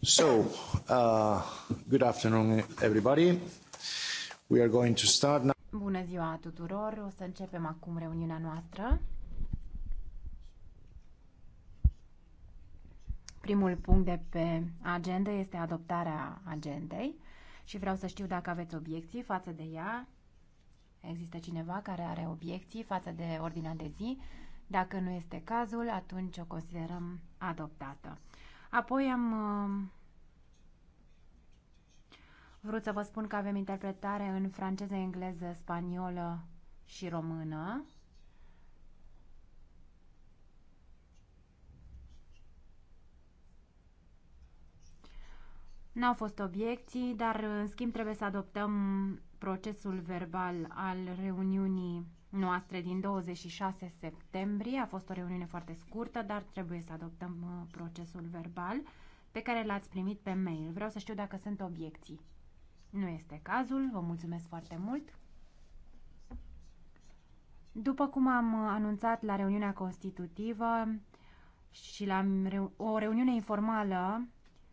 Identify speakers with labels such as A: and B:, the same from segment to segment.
A: Uh, good afternoon everybody. We are going to start now.
B: Bună ziua tuturor. O să începem acum reuniunea noastră. Primul punct de pe agenda este adoptarea agendei și vreau să știu dacă aveți obiecții față de ea. Există cineva care are obiecții față de ordinea de zi? Dacă nu este cazul, atunci o considerăm adoptată. Apoi am uh, vrut să vă spun că avem interpretare în franceză, engleză, spaniolă și română. N-au fost obiecții, dar în schimb trebuie să adoptăm procesul verbal al reuniunii noastre din 26 septembrie. A fost o reuniune foarte scurtă, dar trebuie să adoptăm uh, procesul verbal pe care l-ați primit pe mail. Vreau să știu dacă sunt obiecții. Nu este cazul, vă mulțumesc foarte mult. După cum am uh, anunțat la reuniunea constitutivă și la o reuniune informală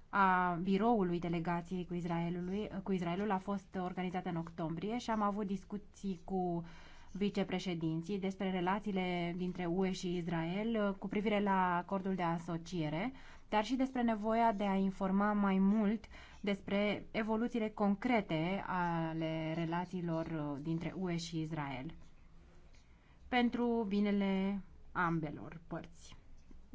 B: a biroului delegației cu, Israelului, cu Israelul a fost organizată în octombrie și am avut discuții cu uh, vicepreședinții despre relațiile dintre UE și Israel uh, cu privire la acordul de asociere, dar și despre nevoia de a informa mai mult despre evoluțiile concrete ale relațiilor uh, dintre UE și Israel pentru binele ambelor părți.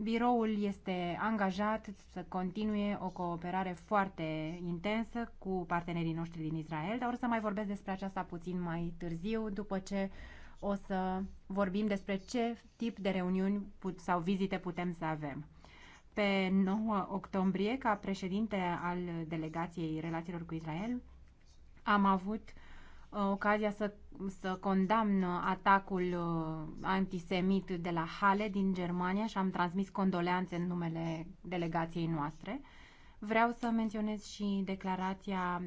B: Biroul este angajat să continue o cooperare foarte intensă cu partenerii noștri din Israel, dar o să mai vorbesc despre aceasta puțin mai târziu, după ce o să vorbim despre ce tip de reuniuni sau vizite putem să avem. Pe 9 octombrie, ca președinte al Delegației Relațiilor cu Israel, am avut Uh, ocazia să, să condamn atacul uh, antisemit de la Hale din Germania și am transmis condoleanțe în numele delegației noastre. Vreau să menționez și declarația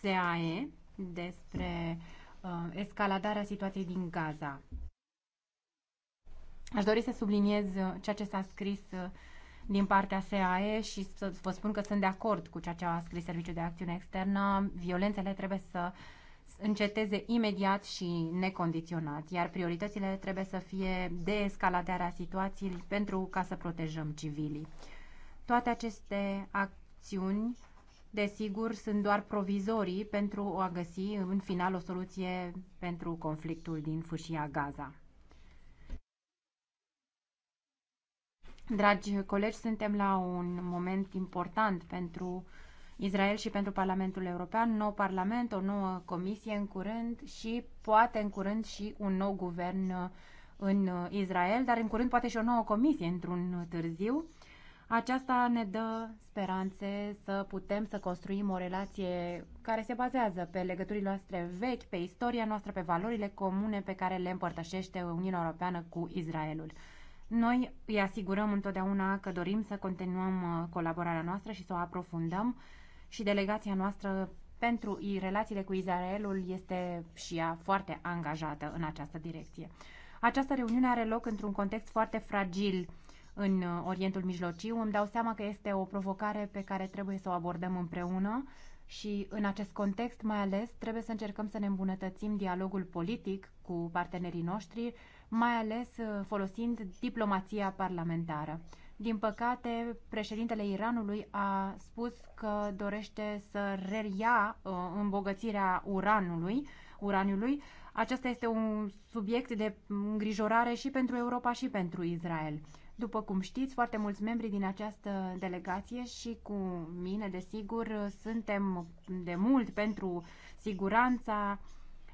B: SAE despre uh, escaladarea situației din Gaza. Aș dori să subliniez uh, ceea ce s-a scris din partea SAE și să vă spun că sunt de acord cu ceea ce a scris Serviciul de Acțiune Externă. Violențele trebuie să uh, înceteze imediat și necondiționat, iar prioritățile trebuie să fie deescaladarea situației pentru ca să protejăm civilii. Toate aceste acțiuni, desigur, sunt doar provizorii pentru a găsi în final o soluție pentru conflictul din fâșia Gaza. Dragi colegi, suntem la un moment important pentru Israel și pentru Parlamentul European, nou parlament, o nouă comisie în curând și poate în curând și un nou guvern uh, în uh, Israel, dar în curând poate și o nouă comisie într-un târziu. Aceasta ne dă speranțe să putem să construim o relație care se bazează pe legăturile noastre vechi, pe istoria noastră, pe valorile comune pe care le împărtășește Uniunea Europeană cu Israelul. Noi îi asigurăm întotdeauna că dorim să continuăm uh, colaborarea noastră și să o aprofundăm și delegația noastră pentru relațiile cu Israelul este și ea foarte angajată în această direcție. Această reuniune are loc într-un context foarte fragil în uh, Orientul Mijlociu. Îmi dau seama că este o provocare pe care trebuie să o abordăm împreună și în acest context mai ales trebuie să încercăm să ne îmbunătățim dialogul politic cu partenerii noștri, mai ales uh, folosind diplomația parlamentară. Din păcate, președintele Iranului a spus că dorește să reia uh, îmbogățirea uranului, uraniului. Acesta este un subiect de îngrijorare și pentru Europa și pentru Israel. După cum știți, foarte mulți membri din această delegație și cu mine, desigur, suntem de mult pentru siguranța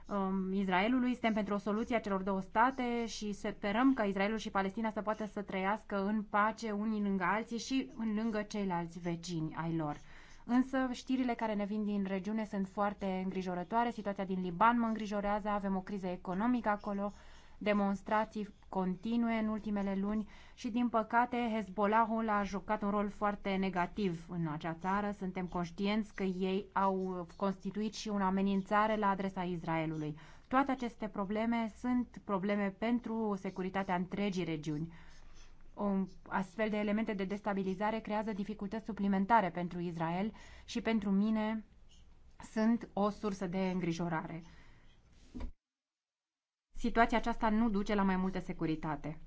B: um, Israelului, suntem pentru o soluție a celor două state și sperăm ca Israelul și Palestina să poată să trăiască în pace unii lângă alții și în lângă ceilalți vecini ai lor. Însă știrile care ne vin din regiune sunt foarte îngrijorătoare. Situația din Liban mă îngrijorează, avem o criză economică acolo, demonstrații continue în ultimele luni și, din păcate, Hezbollahul a jucat un rol foarte negativ în acea țară. Suntem conștienți că ei au constituit și o amenințare la adresa Israelului. Toate aceste probleme sunt probleme pentru securitatea întregii regiuni. O astfel de elemente de destabilizare creează dificultăți suplimentare pentru Israel și pentru mine sunt o sursă de îngrijorare situația aceasta nu duce la mai multă securitate.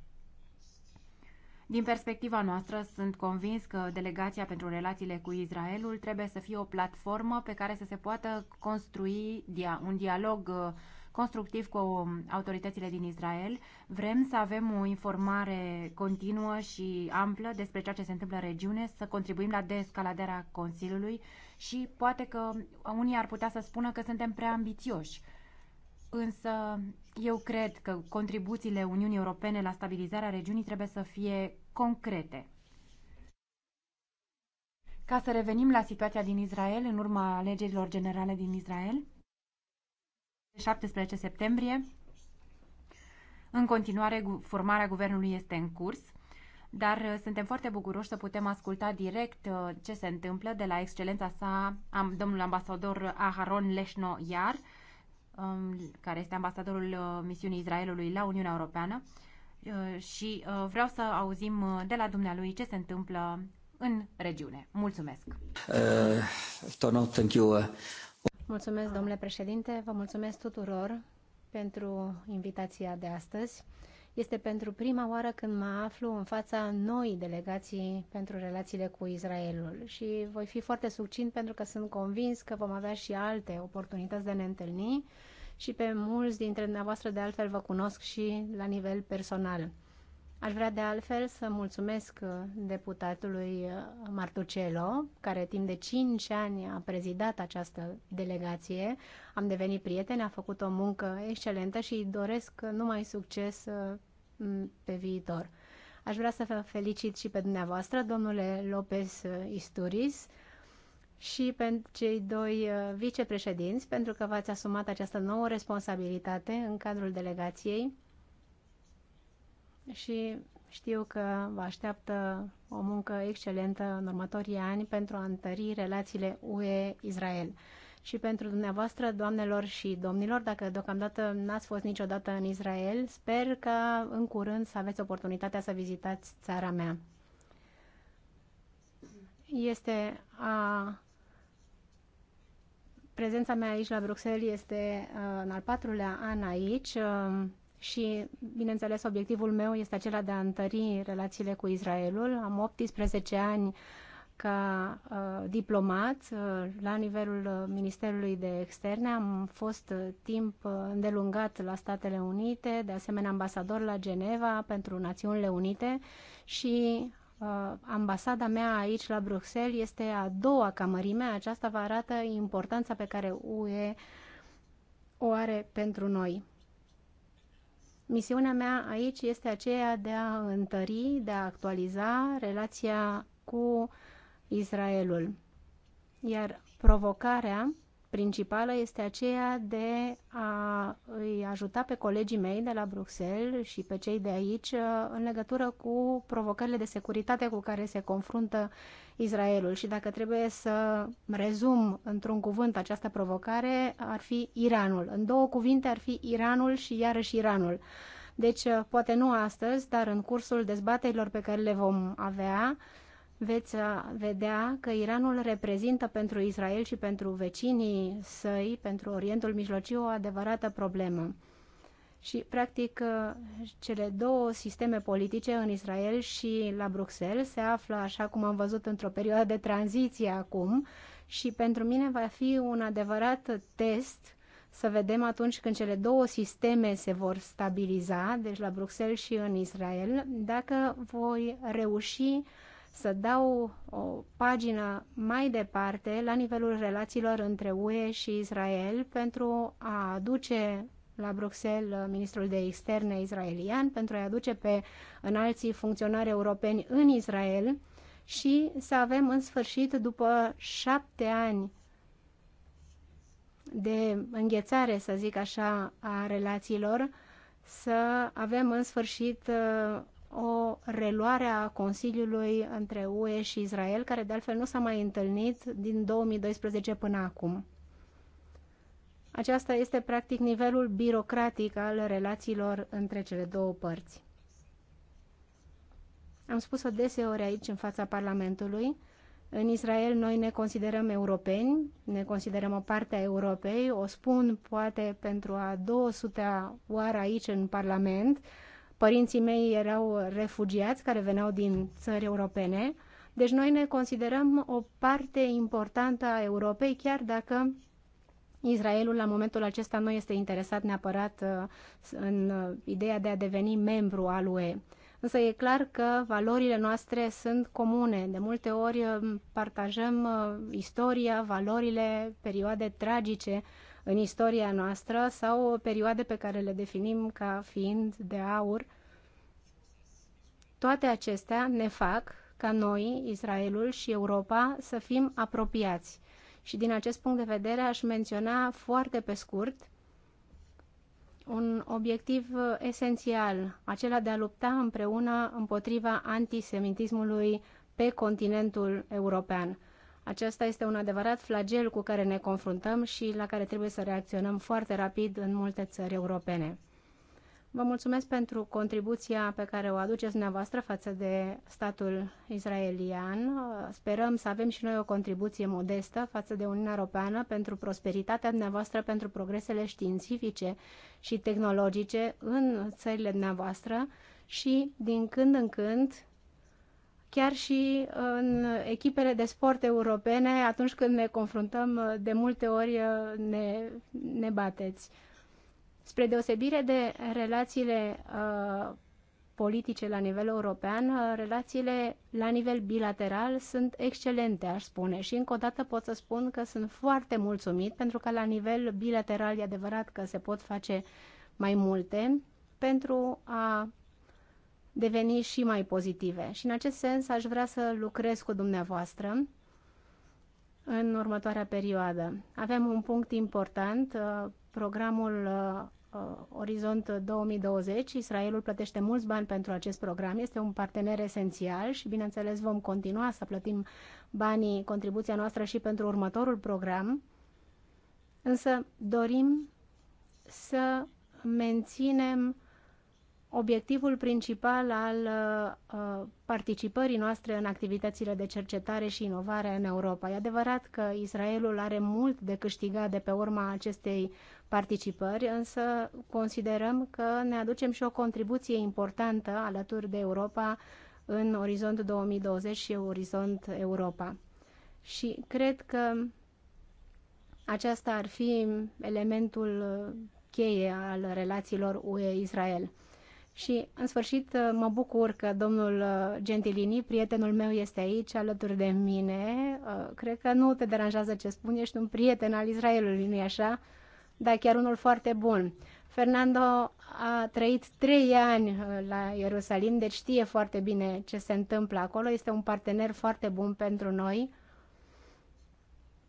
B: Din perspectiva noastră, sunt convins că delegația pentru relațiile cu Israelul trebuie să fie o platformă pe care să se poată construi un dialog uh, constructiv cu um, autoritățile din Israel. Vrem să avem o informare continuă și amplă despre ceea ce se întâmplă în regiune, să contribuim la descaladarea Consiliului și poate că unii ar putea să spună că suntem prea ambițioși. Însă eu cred că contribuțiile Uniunii Europene la stabilizarea regiunii trebuie să fie concrete. Ca să revenim la situația din Israel, în urma alegerilor generale din Israel, 17 septembrie, în continuare, formarea guvernului este în curs, dar uh, suntem foarte bucuroși să putem asculta direct uh, ce se întâmplă de la excelența sa, domnul ambasador Aharon Leșno Iar, Um, care este ambasadorul uh, misiunii Israelului la Uniunea Europeană uh, și uh, vreau să auzim de la dumnealui ce se întâmplă în regiune. Mulțumesc!
C: Mulțumesc, domnule președinte, vă mulțumesc tuturor pentru invitația de astăzi. Este pentru prima oară când mă aflu în fața noi delegații pentru relațiile cu Israelul și voi fi foarte succint pentru că sunt convins că vom avea și alte oportunități de ne întâlni și pe mulți dintre dumneavoastră de altfel vă cunosc și la nivel personal. Aș vrea de altfel să mulțumesc deputatului Martucelo, care timp de 5 ani a prezidat această delegație. Am devenit prieteni, a făcut o muncă excelentă și doresc numai succes Mm, pe viitor. Aș vrea să vă felicit și pe dumneavoastră, domnule Lopez Isturiz, și pe cei doi uh, vicepreședinți, pentru că v-ați asumat această nouă responsabilitate în cadrul delegației și știu că vă așteaptă o muncă excelentă în următorii ani pentru a întări relațiile UE-Israel și pentru dumneavoastră, doamnelor și domnilor. Dacă deocamdată n-ați fost niciodată în Israel, sper că în curând să aveți oportunitatea să vizitați țara mea. Este a prezența mea aici la Bruxelles este în al patrulea an aici și, bineînțeles, obiectivul meu este acela de a întări relațiile cu Israelul. Am 18 ani ca uh, diplomat uh, la nivelul uh, Ministerului de Externe. Am fost uh, timp uh, îndelungat la Statele Unite, de asemenea ambasador la Geneva pentru Națiunile Unite și uh, ambasada mea aici la Bruxelles este a doua camărime. Aceasta vă arată importanța pe care UE o are pentru noi. Misiunea mea aici este aceea de a întări, de a actualiza relația cu uh, Israelul. Iar provocarea principală este aceea de a îi ajuta pe colegii mei de la Bruxelles și pe cei de aici uh, în legătură cu provocările de securitate cu care se confruntă Israelul. Și dacă trebuie să rezum într-un cuvânt această provocare, ar fi Iranul. În două cuvinte ar fi Iranul și iarăși Iranul. Deci, uh, poate nu astăzi, dar în cursul dezbaterilor pe care le vom avea, veți uh, vedea că Iranul reprezintă pentru Israel și pentru vecinii săi, pentru Orientul Mijlociu, o adevărată problemă. Și, practic, uh, cele două sisteme politice în Israel și la Bruxelles se află, așa cum am văzut, într-o perioadă de tranziție acum și pentru mine va fi un adevărat test să vedem atunci când cele două sisteme se vor stabiliza, deci la Bruxelles și în Israel, dacă voi reuși să dau o pagină mai departe la nivelul relațiilor între UE și Israel pentru a aduce la Bruxelles ministrul de externe israelian, pentru a-i aduce pe înalții funcționari europeni în Israel și să avem în sfârșit, după șapte ani de înghețare, să zic așa, a relațiilor, să avem în sfârșit o reluare a Consiliului între UE și Israel, care de altfel nu s-a mai întâlnit din 2012 până acum. Aceasta este practic nivelul birocratic al relațiilor între cele două părți. Am spus-o deseori aici, în fața Parlamentului. În Israel noi ne considerăm europeni, ne considerăm o parte a Europei, o spun poate pentru a 200-a oară aici în Parlament, Părinții mei erau refugiați care veneau din țări europene, deci noi ne considerăm o parte importantă a Europei, chiar dacă Israelul la momentul acesta nu este interesat neapărat uh, în uh, ideea de a deveni membru al UE. Însă e clar că valorile noastre sunt comune. De multe ori uh, partajăm istoria, valorile, perioade tragice în istoria noastră sau perioade pe care le definim ca fiind de aur. Toate acestea ne fac ca noi, Israelul și Europa, să fim apropiați. Și din acest punct de vedere aș menționa foarte pe scurt un obiectiv esențial, acela de a lupta împreună împotriva antisemitismului pe continentul european. Acesta este un adevărat flagel cu care ne confruntăm și la care trebuie să reacționăm foarte rapid în multe țări europene. Vă mulțumesc pentru contribuția pe care o aduceți dumneavoastră față de statul israelian. Sperăm să avem și noi o contribuție modestă față de Uniunea Europeană pentru prosperitatea dumneavoastră, pentru progresele științifice și tehnologice în țările dumneavoastră și, din când în când, chiar și în echipele de sport europene, atunci când ne confruntăm, de multe ori ne, ne bateți. Spre deosebire de relațiile uh, politice la nivel european, uh, relațiile la nivel bilateral sunt excelente, aș spune. Și încă o dată pot să spun că sunt foarte mulțumit pentru că la nivel bilateral e adevărat că se pot face mai multe pentru a deveni și mai pozitive. Și în acest sens aș vrea să lucrez cu dumneavoastră în următoarea perioadă. Avem un punct important, uh, programul uh, uh, Orizont 2020. Israelul plătește mulți bani pentru acest program, este un partener esențial și, bineînțeles, vom continua să plătim banii, contribuția noastră și pentru următorul program, însă dorim să menținem obiectivul principal al uh, participării noastre în activitățile de cercetare și inovare în Europa. E adevărat că Israelul are mult de câștigat de pe urma acestei participări, însă considerăm că ne aducem și o contribuție importantă alături de Europa în Orizont 2020 și Orizont Europa. Și cred că aceasta ar fi elementul cheie al relațiilor UE-Israel. Și, în sfârșit, uh, mă bucur că domnul uh, Gentilini, prietenul meu, este aici alături de mine. Uh, cred că nu te deranjează ce spun, ești un prieten al Israelului, nu-i așa? Dar chiar unul foarte bun. Fernando a trăit trei ani la Ierusalim, deci știe foarte bine ce se întâmplă acolo. Este un partener foarte bun pentru noi.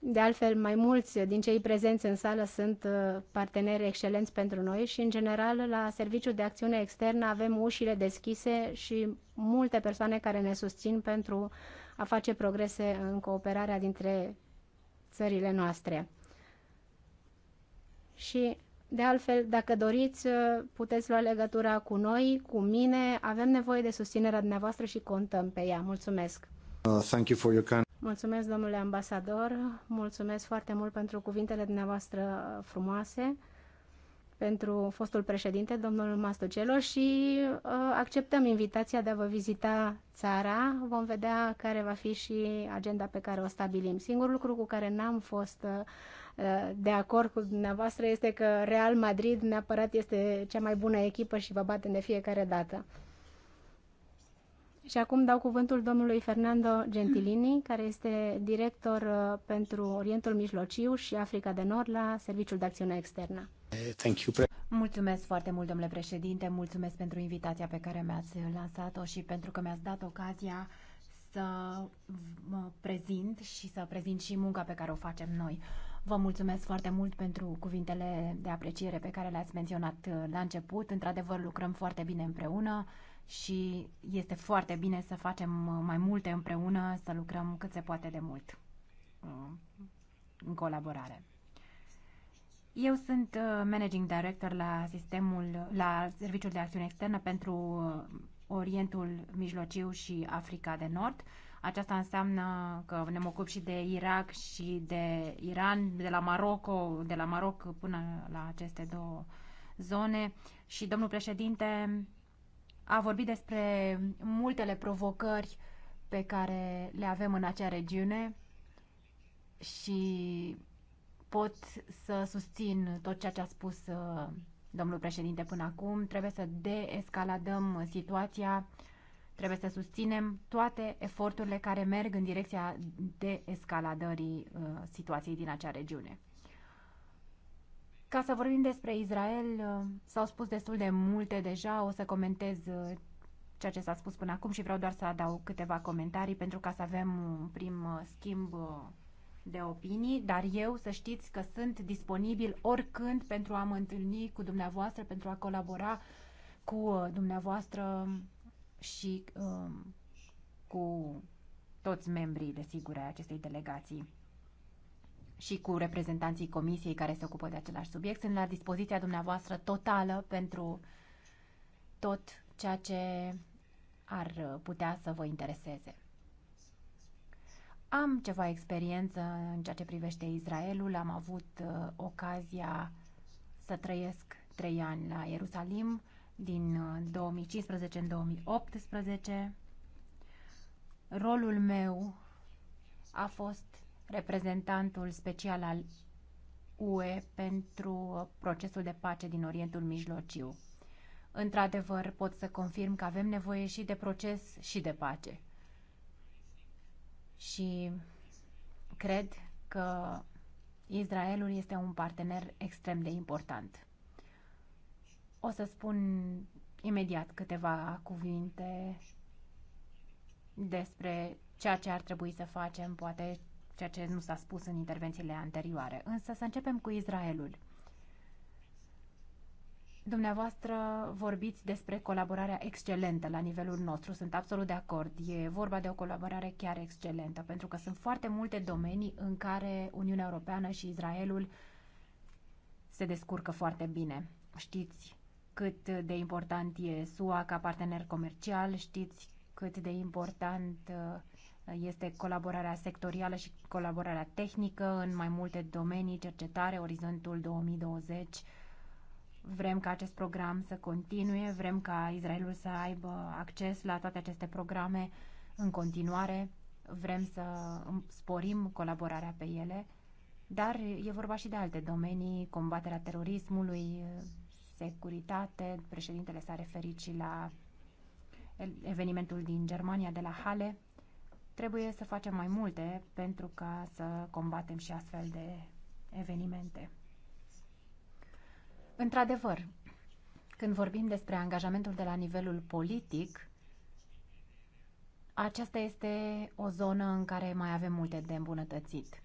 C: De altfel, mai mulți din cei prezenți în sală sunt uh, parteneri excelenți pentru noi și, în general, la Serviciul de Acțiune Externă avem ușile deschise și multe persoane care ne susțin pentru a face progrese în cooperarea dintre țările noastre. Și, de altfel, dacă doriți, uh, puteți lua legătura cu noi, cu mine. Avem nevoie de susținerea dumneavoastră și contăm pe ea. Mulțumesc!
A: Uh, thank you for your kind
C: Mulțumesc, domnule ambasador, mulțumesc foarte mult pentru cuvintele dumneavoastră frumoase, pentru fostul președinte, domnul Mastocelo, și uh, acceptăm invitația de a vă vizita țara. Vom vedea care va fi și agenda pe care o stabilim. Singurul lucru cu care n-am fost uh, de acord cu dumneavoastră este că Real Madrid neapărat este cea mai bună echipă și vă bate de fiecare dată. Și acum dau cuvântul domnului Fernando Gentilini, care este director uh, pentru Orientul Mijlociu și Africa de Nord la Serviciul de Acțiune Externă. Thank you. Mulțumesc foarte mult, domnule președinte, mulțumesc pentru invitația pe care mi-ați lansat-o și pentru
B: că mi-ați dat ocazia să mă prezint și să prezint și munca pe care o facem noi. Vă mulțumesc foarte mult pentru cuvintele de apreciere pe care le-ați menționat uh, la început. Într-adevăr, lucrăm foarte bine împreună și este foarte bine să facem uh, mai multe împreună, să lucrăm cât se poate de mult uh, în colaborare. Eu sunt uh, managing director la sistemul la Serviciul de Acțiune Externă pentru Orientul Mijlociu și Africa de Nord. Aceasta înseamnă că ne ocup și de Irak și de Iran, de la Maroco, de la Maroc până la aceste două zone. Și domnul președinte, a vorbit despre multele provocări pe care le avem în acea regiune și pot să susțin tot ceea ce a spus uh, domnul președinte până acum. Trebuie să deescaladăm situația, trebuie să susținem toate eforturile care merg în direcția deescaladării uh, situației din acea regiune. Ca să vorbim despre Israel, uh, s-au spus destul de multe deja, o să comentez uh, ceea ce s-a spus până acum și vreau doar să adaug câteva comentarii pentru ca să avem un prim uh, schimb de opinii, dar eu să știți că sunt disponibil oricând pentru a mă întâlni cu dumneavoastră, pentru a colabora cu dumneavoastră și uh, cu toți membrii, desigur, ai acestei delegații și cu reprezentanții comisiei care se ocupă de același subiect. Sunt la dispoziția dumneavoastră totală pentru tot ceea ce ar putea să vă intereseze. Am ceva experiență în ceea ce privește Israelul. Am avut uh, ocazia să trăiesc trei ani la Ierusalim din 2015 uh, în 2018. Rolul meu a fost reprezentantul special al UE pentru procesul de pace din Orientul Mijlociu. Într-adevăr, pot să confirm că avem nevoie și de proces și de pace. Și cred că Israelul este un partener extrem de important. O să spun imediat câteva cuvinte despre ceea ce ar trebui să facem, poate ceea ce nu s-a spus în intervențiile anterioare. Însă să începem cu Israelul. Dumneavoastră vorbiți despre colaborarea excelentă la nivelul nostru, sunt absolut de acord. E vorba de o colaborare chiar excelentă, pentru că sunt foarte multe domenii în care Uniunea Europeană și Israelul se descurcă foarte bine. Știți cât de important e SUA ca partener comercial, știți cât de important uh, este colaborarea sectorială și colaborarea tehnică în mai multe domenii, cercetare, orizontul 2020. Vrem ca acest program să continue, vrem ca Israelul să aibă acces la toate aceste programe în continuare, vrem să sporim colaborarea pe ele, dar e vorba și de alte domenii, combaterea terorismului, securitate, președintele s-a referit și la evenimentul din Germania de la Halle, Trebuie să facem mai multe pentru ca să combatem și astfel de evenimente. Într-adevăr, când vorbim despre angajamentul de la nivelul politic, aceasta este o zonă în care mai avem multe de îmbunătățit.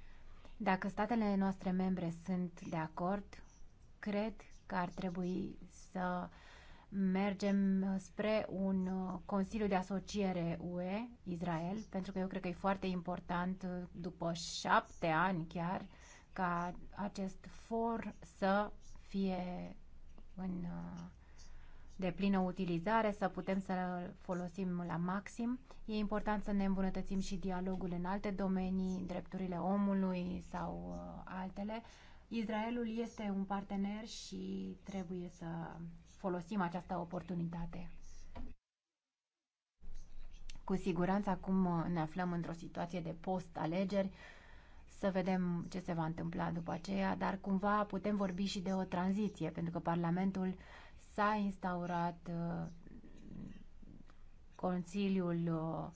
B: Dacă statele noastre membre sunt de acord, cred că ar trebui să mergem uh, spre un uh, Consiliu de Asociere UE-Israel, pentru că eu cred că e foarte important uh, după șapte ani chiar ca acest for să fie în de plină utilizare, să putem să folosim la maxim. E important să ne îmbunătățim și dialogul în alte domenii, drepturile omului sau altele. Israelul este un partener și trebuie să folosim această oportunitate. Cu siguranță acum uh, ne aflăm într-o situație de post-alegeri, să vedem ce se va întâmpla după aceea, dar cumva putem vorbi și de o tranziție, pentru că Parlamentul s-a instaurat, uh, Consiliul uh,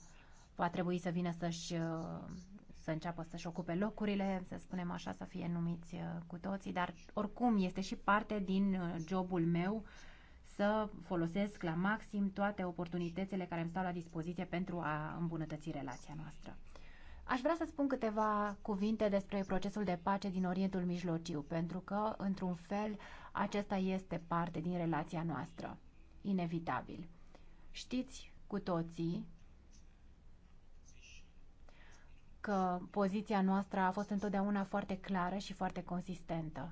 B: va trebui să vină să-și să înceapă să-și ocupe locurile, să spunem așa, să fie numiți cu toții, dar oricum este și parte din jobul meu să folosesc la maxim toate oportunitățile care îmi stau la dispoziție pentru a îmbunătăți relația noastră. Aș vrea să spun câteva cuvinte despre procesul de pace din Orientul Mijlociu, pentru că, într-un fel, acesta este parte din relația noastră. Inevitabil. Știți cu toții că poziția noastră a fost întotdeauna foarte clară și foarte consistentă.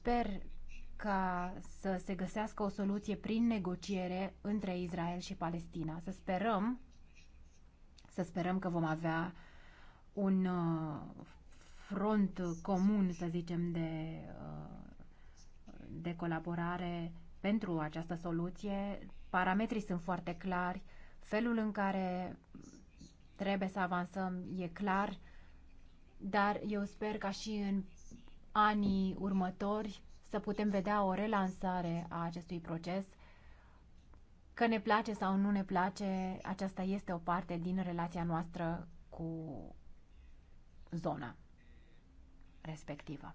B: Sper ca să se găsească o soluție prin negociere între Israel și Palestina. Să sperăm, să sperăm că vom avea un uh, front comun, să zicem, de, uh, de colaborare pentru această soluție. Parametrii sunt foarte clari, felul în care trebuie să avansăm e clar, dar eu sper ca și în anii următori să putem vedea o relansare a acestui proces. Că ne place sau nu ne place, aceasta este o parte din relația noastră cu zona respectivă.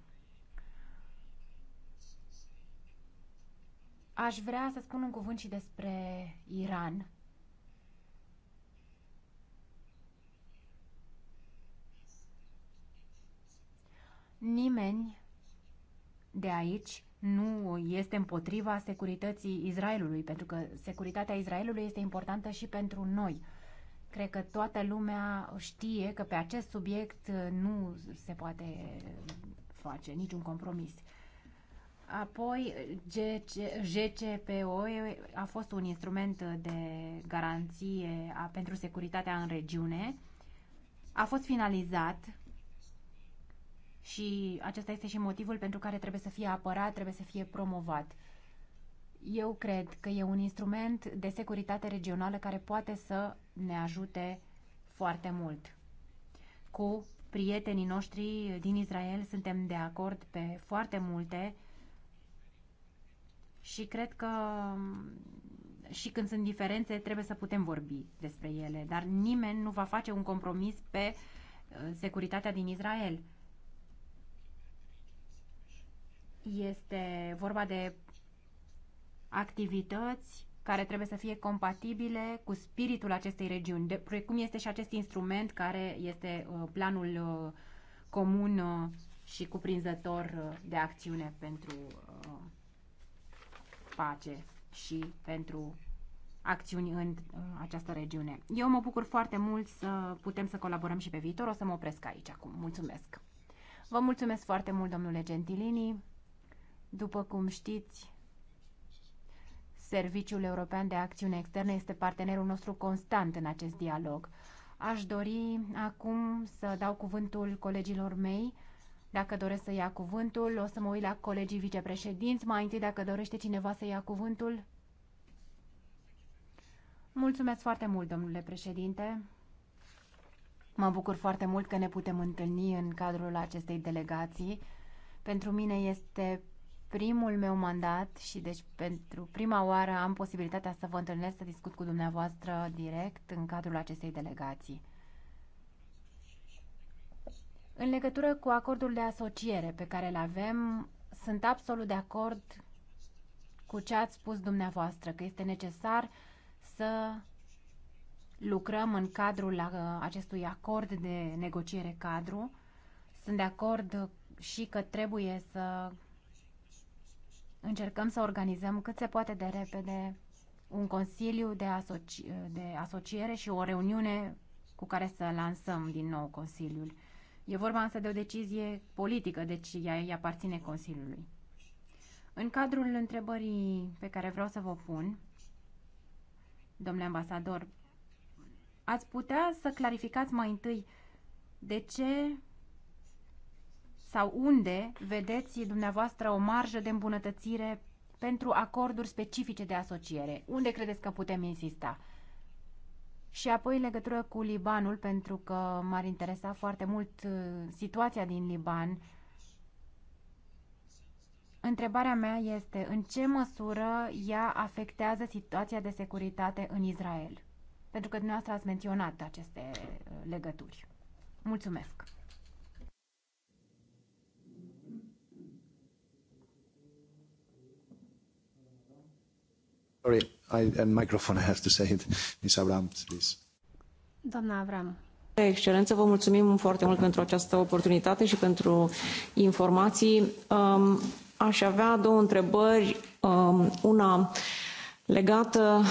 B: Aș vrea să spun un cuvânt și despre Iran, Nimeni de aici nu este împotriva securității Israelului, pentru că securitatea Israelului este importantă și pentru noi. Cred că toată lumea știe că pe acest subiect nu se poate face niciun compromis. Apoi, GCPO a fost un instrument de garanție pentru securitatea în regiune. A fost finalizat și acesta este și motivul pentru care trebuie să fie apărat, trebuie să fie promovat. Eu cred că e un instrument de securitate regională care poate să ne ajute foarte mult. Cu prietenii noștri din Israel suntem de acord pe foarte multe și cred că și când sunt diferențe trebuie să putem vorbi despre ele, dar nimeni nu va face un compromis pe uh, securitatea din Israel. Este vorba de activități care trebuie să fie compatibile cu spiritul acestei regiuni, de, precum este și acest instrument care este uh, planul uh, comun uh, și cuprinzător de acțiune pentru pace și pentru acțiuni în această regiune. Eu mă bucur foarte mult să putem să colaborăm și pe viitor. O să mă opresc aici acum. Mulțumesc! Vă mulțumesc foarte mult, domnule Gentilini. După cum știți, Serviciul European de Acțiune Externă este partenerul nostru constant în acest dialog. Aș dori acum să dau cuvântul colegilor mei. Dacă doresc să ia cuvântul, o să mă uit la colegii vicepreședinți. Mai întâi, dacă dorește cineva să ia cuvântul. Mulțumesc foarte mult, domnule președinte. Mă bucur foarte mult că ne putem întâlni în cadrul acestei delegații. Pentru mine este primul meu mandat și deci pentru prima oară am posibilitatea să vă întâlnesc, să discut cu dumneavoastră direct în cadrul acestei delegații. În legătură cu acordul de asociere pe care îl avem, sunt absolut de acord cu ce ați spus dumneavoastră, că este necesar să lucrăm în cadrul uh, acestui acord de negociere cadru. Sunt de acord și că trebuie să încercăm să organizăm cât se poate de repede un consiliu de, asoci de asociere și o reuniune cu care să lansăm din nou consiliul. E vorba însă de o decizie politică, deci ea îi aparține consiliului. În cadrul întrebării pe care vreau să vă pun, domnule ambasador, ați putea să clarificați mai întâi de ce sau unde vedeți dumneavoastră o marjă de îmbunătățire pentru acorduri specifice de asociere? Unde credeți că putem insista? Și apoi în legătură cu Libanul, pentru că m-ar interesa foarte mult uh, situația din Liban. Întrebarea mea este în ce măsură ea afectează situația de securitate în Israel? Pentru că dumneavoastră ați menționat aceste uh, legături. Mulțumesc!
A: Sorry, I, and microphone, I have to say it. Ms. Avram, please. Doamna Avram, Excelență, vă mulțumim foarte mult pentru această oportunitate și pentru informații. Um, aș avea două întrebări. Um, una legată,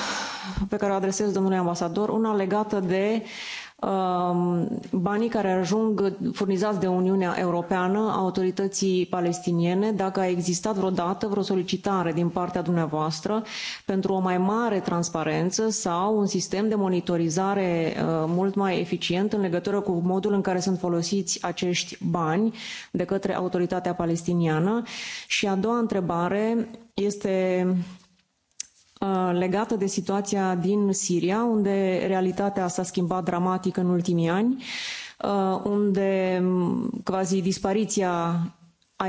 A: pe care o adresez domnului ambasador, una legată de Um, banii care ajung furnizați de Uniunea Europeană autorității palestiniene, dacă a existat vreodată vreo solicitare din partea dumneavoastră pentru o mai mare transparență sau un sistem de monitorizare uh, mult mai eficient în legătură cu modul în care sunt folosiți acești bani de către autoritatea palestiniană. Și a doua întrebare este Uh, legată de situația din Siria, unde realitatea s-a schimbat dramatic în ultimii ani, uh, unde mm, quasi dispariția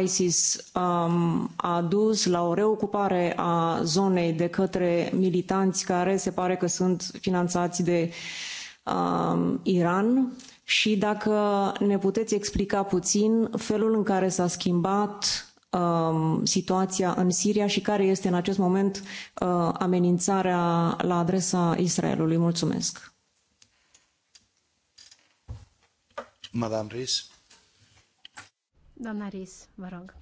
A: ISIS um, a dus la o reocupare a zonei de către militanți care se pare că sunt finanțați de um, Iran. Și dacă ne puteți explica puțin felul în care s-a schimbat Um, situația în Siria și care este în acest moment uh, amenințarea la adresa Israelului. Mulțumesc. Madame Ries.
C: Doamna Ries, vă rog.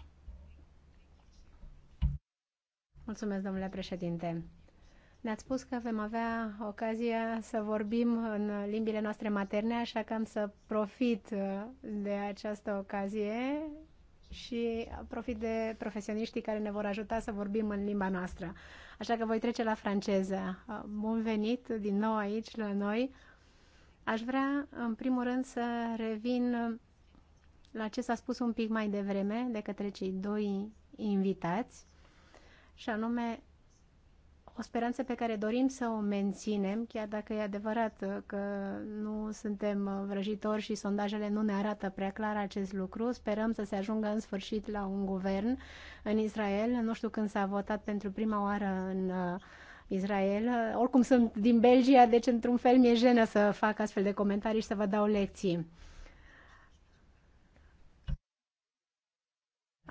C: Mulțumesc, domnule președinte. Ne-ați spus că vom avea ocazia să vorbim în limbile noastre materne, așa că am să profit uh, de această ocazie și profit de profesioniștii care ne vor ajuta să vorbim în limba noastră. Așa că voi trece la franceză. Bun venit din nou aici la noi. Aș vrea, în primul rând, să revin la ce s-a spus un pic mai devreme de către cei doi invitați, și anume o speranță pe care dorim să o menținem, chiar dacă e adevărat că nu suntem vrăjitori și sondajele nu ne arată prea clar acest lucru. Sperăm să se ajungă în sfârșit la un guvern în Israel. Nu știu când s-a votat pentru prima oară în uh, Israel. Oricum sunt din Belgia, deci într-un fel mi-e jenă să fac astfel de comentarii și să vă dau lecții.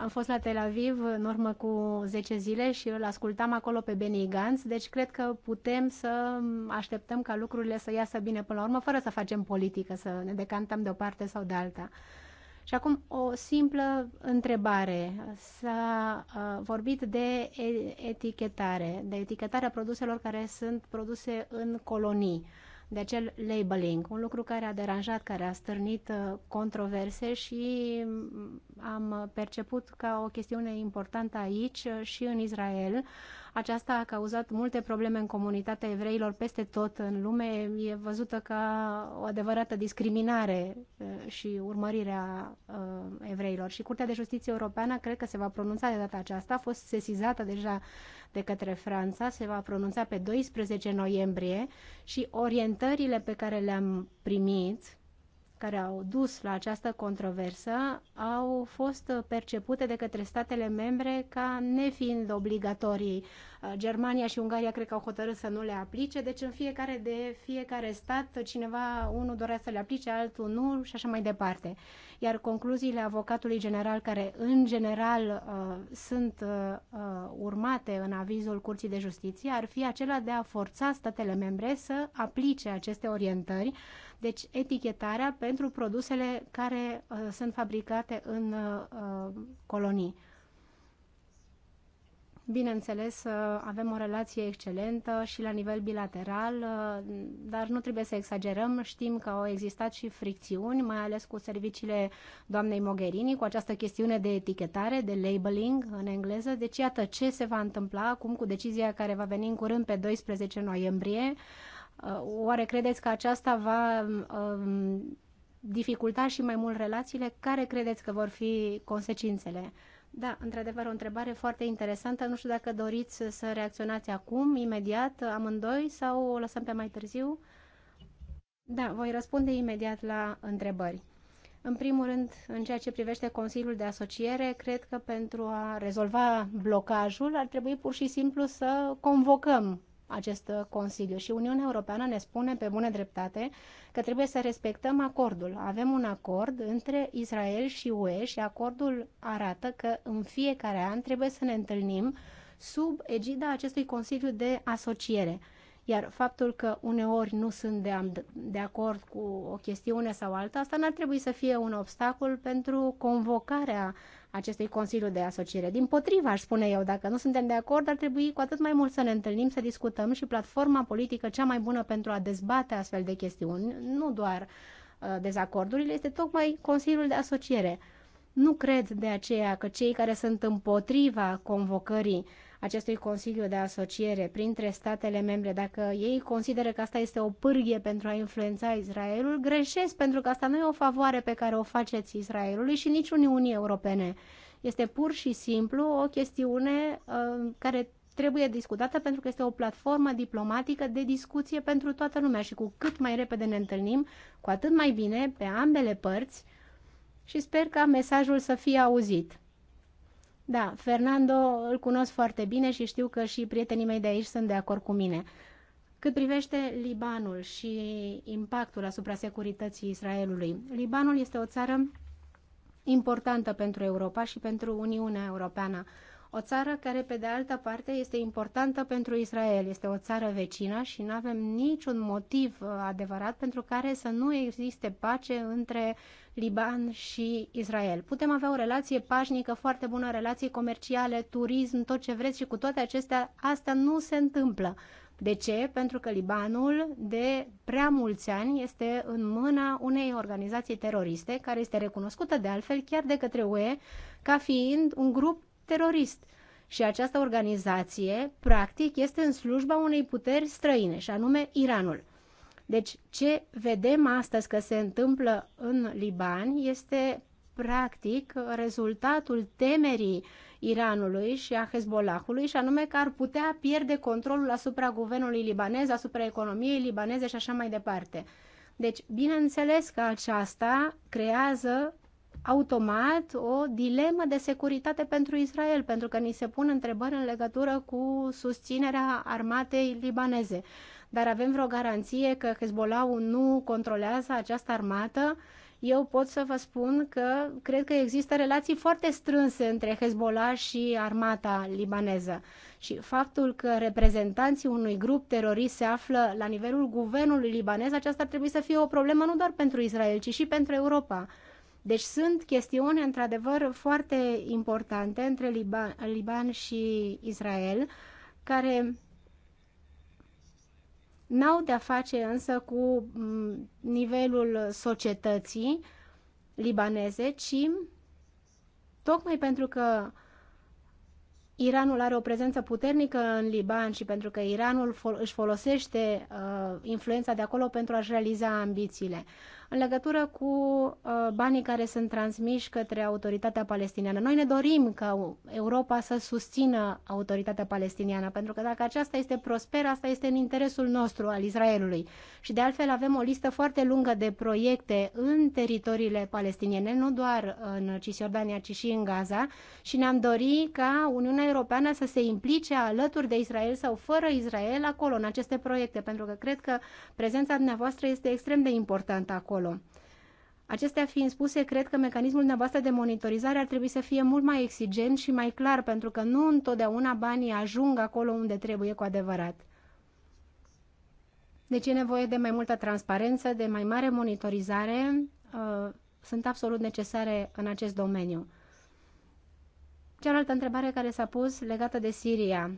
C: Am fost la Tel Aviv în urmă cu 10 zile și îl ascultam acolo pe Benny Gantz, deci cred că putem să așteptăm ca lucrurile să iasă bine până la urmă, fără să facem politică, să ne decantăm de o parte sau de alta. Și acum o simplă întrebare. S-a uh, vorbit de etichetare, de etichetarea produselor care sunt produse în colonii. Uh, de acel labeling, un lucru care a deranjat, care a stârnit uh, controverse și mm, am perceput ca o chestiune importantă aici uh, și în Israel, aceasta a cauzat multe probleme în comunitatea evreilor peste tot în lume. E văzută ca o adevărată discriminare uh, și urmărirea uh, evreilor. Și Curtea de Justiție Europeană cred că se va pronunța de data aceasta. A fost sesizată deja de către Franța, se va pronunța pe 12 noiembrie și orientările pe care le-am primit care au dus la această controversă au fost percepute de către statele membre ca nefiind obligatorii. Uh, Germania și Ungaria cred că au hotărât să nu le aplice, deci în fiecare de fiecare stat cineva, unul dorea să le aplice, altul nu și așa mai departe. Iar concluziile avocatului general, care în general uh, sunt uh, uh urmate în avizul Curții de Justiție, ar fi acela de a forța statele membre să aplice aceste orientări deci etichetarea pentru produsele care uh, sunt fabricate în uh, colonii. Bineînțeles, uh, avem o relație excelentă și la nivel bilateral, uh, dar nu trebuie să exagerăm. Știm că au existat și fricțiuni, mai ales cu serviciile doamnei Mogherini, cu această chestiune de etichetare, de labeling în engleză. Deci iată ce se va întâmpla acum cu decizia care va veni în curând pe 12 noiembrie Uh, oare credeți că aceasta va um, dificulta și mai mult relațiile? Care credeți că vor fi consecințele? Da, într-adevăr, o întrebare foarte interesantă. Nu știu dacă doriți să reacționați acum, imediat, amândoi, sau o lăsăm pe mai târziu. Da, voi răspunde imediat la întrebări. În primul rând, în ceea ce privește Consiliul de Asociere, cred că pentru a rezolva blocajul ar trebui pur și simplu să convocăm acest Consiliu. Și Uniunea Europeană ne spune pe bună dreptate că trebuie să respectăm acordul. Avem un acord între Israel și UE și acordul arată că în fiecare an trebuie să ne întâlnim sub egida acestui Consiliu de Asociere. Iar faptul că uneori nu sunt de, de acord cu o chestiune sau alta, asta n-ar trebui să fie un obstacol pentru convocarea acestui Consiliu de Asociere. Din potriva, aș spune eu, dacă nu suntem de acord, ar trebui cu atât mai mult să ne întâlnim, să discutăm și platforma politică cea mai bună pentru a dezbate astfel de chestiuni, nu doar uh, dezacordurile, este tocmai Consiliul de Asociere. Nu cred de aceea că cei care sunt împotriva convocării uh, acestui Consiliu de Asociere printre statele membre, dacă ei consideră că asta este o pârghie pentru a influența Israelul, greșesc pentru că asta nu e o favoare pe care o faceți Israelului și nici Uniunii Europene. Este pur și simplu o chestiune uh, care trebuie discutată pentru că este o platformă diplomatică de discuție pentru toată lumea și cu cât mai repede ne întâlnim, cu atât mai bine pe ambele părți și sper ca mesajul să fie auzit. Da, Fernando îl cunosc foarte bine și știu că și prietenii mei de aici sunt de acord cu mine. Cât privește Libanul și impactul asupra securității Israelului, Libanul este o țară importantă pentru Europa și pentru Uniunea Europeană. O țară care, pe de altă parte, este importantă pentru Israel. Este o țară vecină și nu avem niciun motiv uh, adevărat pentru care să nu existe pace între Liban și Israel. Putem avea o relație pașnică, foarte bună, relații comerciale, turism, tot ce vreți și cu toate acestea, asta nu se întâmplă. De ce? Pentru că Libanul de prea mulți ani este în mâna unei organizații teroriste care este recunoscută de altfel chiar de către UE ca fiind un grup terorist. Și această organizație, practic, este în slujba unei puteri străine, și anume Iranul. Deci, ce vedem astăzi că se întâmplă în Liban este, practic, rezultatul temerii Iranului și a Hezbollahului, și anume că ar putea pierde controlul asupra guvernului libanez, asupra economiei libaneze și așa mai departe. Deci, bineînțeles că aceasta creează automat o dilemă de securitate pentru Israel, pentru că ni se pun întrebări în legătură cu susținerea armatei libaneze. Dar avem vreo garanție că Hezbollah nu controlează această armată? Eu pot să vă spun că cred că există relații foarte strânse între Hezbollah și armata libaneză. Și faptul că reprezentanții unui grup terorist se află la nivelul guvernului libanez, aceasta trebuie să fie o problemă nu doar pentru Israel, ci și pentru Europa. Deci sunt chestiuni într-adevăr foarte importante între Liban, Liban și Israel, care n-au de-a face însă cu mm, nivelul societății libaneze, ci tocmai pentru că Iranul are o prezență puternică în Liban și pentru că Iranul fol- își folosește uh, influența de acolo pentru a-și realiza ambițiile. Uh, în legătură cu uh, banii care sunt transmiși către autoritatea palestiniană. Noi ne dorim ca Europa să susțină autoritatea palestiniană, pentru că dacă aceasta este prosperă, asta este în interesul nostru al Israelului. Și de altfel avem o listă foarte lungă de proiecte în teritoriile palestiniene, nu doar în Cisjordania, ci și în Gaza, și ne-am dorit ca Uniunea Europeană să se implice alături de Israel sau fără Israel acolo, în aceste proiecte, pentru că cred că prezența dumneavoastră este extrem de importantă acolo acolo. Acestea fiind spuse, cred că mecanismul dumneavoastră de monitorizare ar trebui să fie mult mai exigent și mai clar, pentru că nu întotdeauna banii ajung acolo unde trebuie cu adevărat. Deci e nevoie de mai multă transparență, de mai mare monitorizare. Uh, sunt absolut necesare în acest domeniu. Cealaltă întrebare care s-a pus legată de Siria.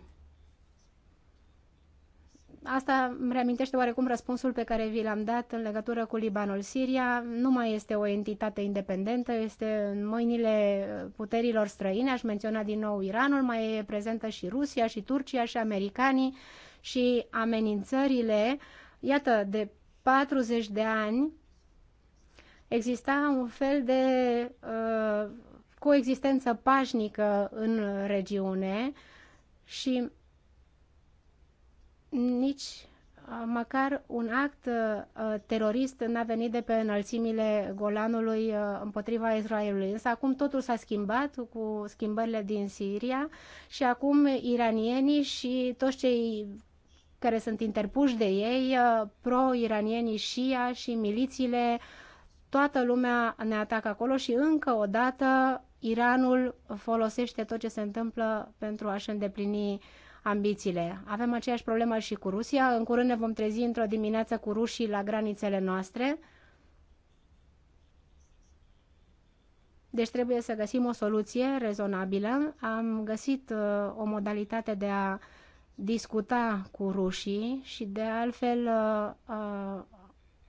C: Asta îmi reamintește oarecum răspunsul pe care vi l-am dat în legătură cu Libanul. Siria nu mai este o entitate independentă, este în mâinile puterilor străine. Aș menționa din nou Iranul, mai e prezentă și Rusia, și Turcia, și americanii, și amenințările. Iată, de 40 de ani exista un fel de uh, coexistență pașnică în regiune și nici măcar un act uh, terorist n-a venit de pe înălțimile Golanului uh, împotriva Israelului. Însă acum totul s-a schimbat cu schimbările din Siria și acum iranienii și toți cei care sunt interpuși de ei, uh, pro-iranienii Shia și milițiile, toată lumea ne atacă acolo și încă o dată Iranul folosește tot ce se întâmplă pentru a-și îndeplini ambițiile. Avem aceeași problemă și cu Rusia. În curând ne vom trezi într-o dimineață cu rușii la granițele noastre. Deci trebuie să găsim o soluție rezonabilă. Am găsit uh, o modalitate de a discuta cu rușii și de altfel uh, uh,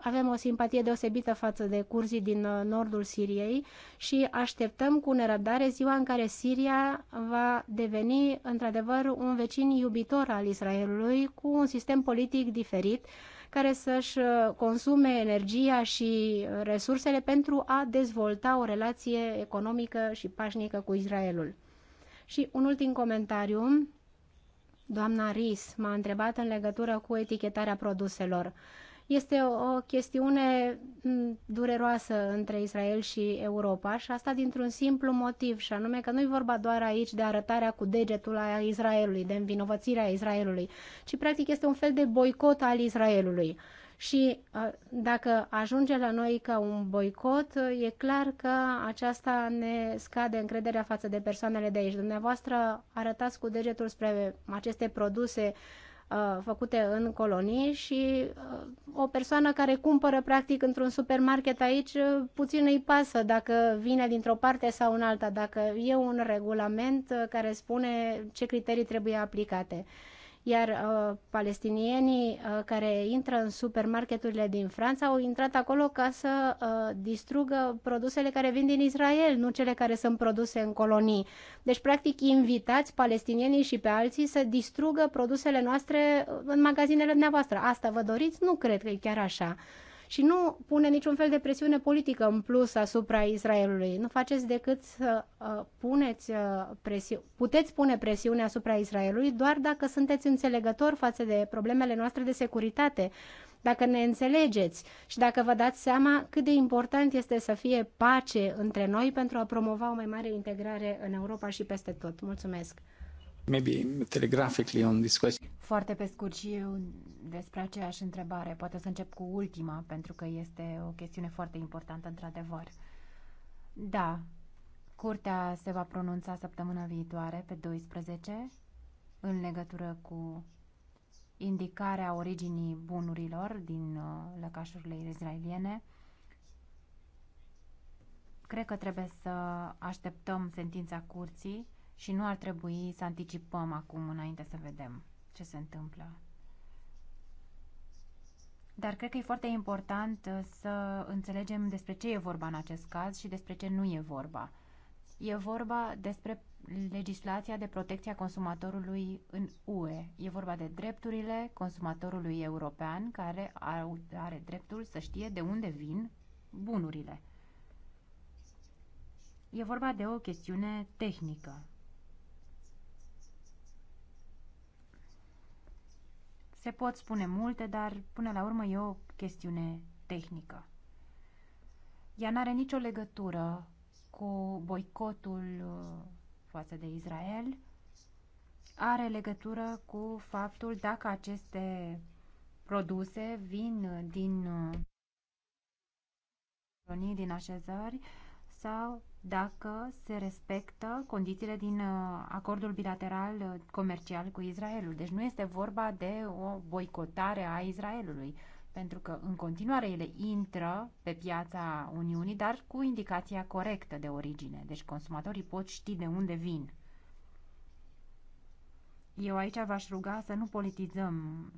C: avem o simpatie deosebită față de curzii din uh, nordul Siriei și așteptăm cu nerăbdare ziua în care Siria va deveni într-adevăr un vecin iubitor al Israelului cu un sistem politic diferit care să-și uh, consume energia și resursele pentru a dezvolta o relație economică și pașnică cu Israelul. Și un ultim comentariu. Doamna Ris m-a întrebat în legătură cu etichetarea produselor. Este o chestiune mm, dureroasă între Israel și Europa și asta dintr-un simplu motiv și anume că nu e vorba doar aici de arătarea cu degetul a Israelului, de învinovățirea Israelului, ci practic este un fel de boicot al Israelului. Și dacă ajunge la noi ca un boicot, e clar că aceasta ne scade încrederea față de persoanele de aici. Dumneavoastră arătați cu degetul spre aceste produse uh, Uh, făcute în colonii și uh, o persoană care cumpără practic într-un supermarket aici, uh, puțin îi pasă dacă vine dintr-o parte sau în alta, dacă e un regulament care spune ce criterii trebuie aplicate iar uh, palestinienii uh, care intră în supermarketurile din Franța au intrat acolo ca să uh, distrugă produsele care vin din Israel, nu cele care sunt produse în colonii. Deci, practic, invitați palestinienii și pe alții să distrugă produsele noastre uh, în magazinele dumneavoastră. Asta vă doriți? Nu cred că e chiar așa și nu pune niciun fel de presiune politică în plus asupra Israelului. Nu faceți decât să uh, puneți uh, presiune, puteți pune presiune asupra Israelului doar dacă sunteți înțelegători față de problemele noastre de securitate dacă ne înțelegeți și dacă vă dați seama cât de important este să fie pace între noi pentru a promova o mai mare integrare în Europa și peste tot. Mulțumesc! Maybe telegraphically on this question. Foarte pe scurt
B: și eu despre aceeași întrebare. Poate să încep cu ultima, pentru că este o chestiune foarte importantă, într-adevăr. Da, curtea se va pronunța săptămâna viitoare, pe 12, în legătură cu indicarea originii bunurilor din uh, lăcașurile izraeliene. Cred că trebuie să așteptăm sentința curții și nu ar trebui să anticipăm acum înainte să vedem ce se întâmplă. Dar cred că e foarte important uh, să înțelegem despre ce e vorba în acest caz și despre ce nu e vorba. E vorba despre legislația de protecție a consumatorului în UE. E vorba de drepturile consumatorului european care are dreptul să știe de unde vin bunurile. E vorba de o chestiune tehnică. Se pot spune multe, dar până la urmă e o chestiune tehnică. Ea n-are nicio legătură cu boicotul uh, față de Israel, are legătură cu faptul dacă aceste produse vin din uh, din așezări sau dacă se respectă condițiile din uh, acordul bilateral uh, comercial cu Israelul. Deci nu este vorba de o boicotare a Israelului, pentru că în continuare ele intră pe piața Uniunii, dar cu indicația corectă de origine. Deci consumatorii pot ști de unde vin. Eu aici v-aș ruga să nu politizăm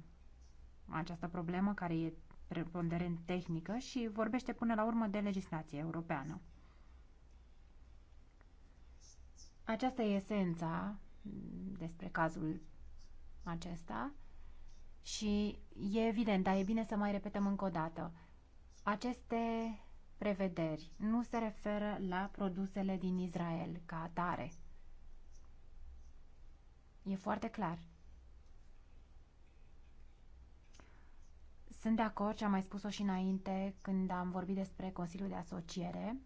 B: această problemă care e preponderent tehnică și vorbește până la urmă de legislație europeană. Aceasta e esența despre cazul acesta și e evident, dar e bine să mai repetăm încă o dată. Aceste prevederi nu se referă la produsele din Israel ca atare. E foarte clar. Sunt de acord ce am mai spus-o și înainte când am vorbit despre Consiliul de Asociere,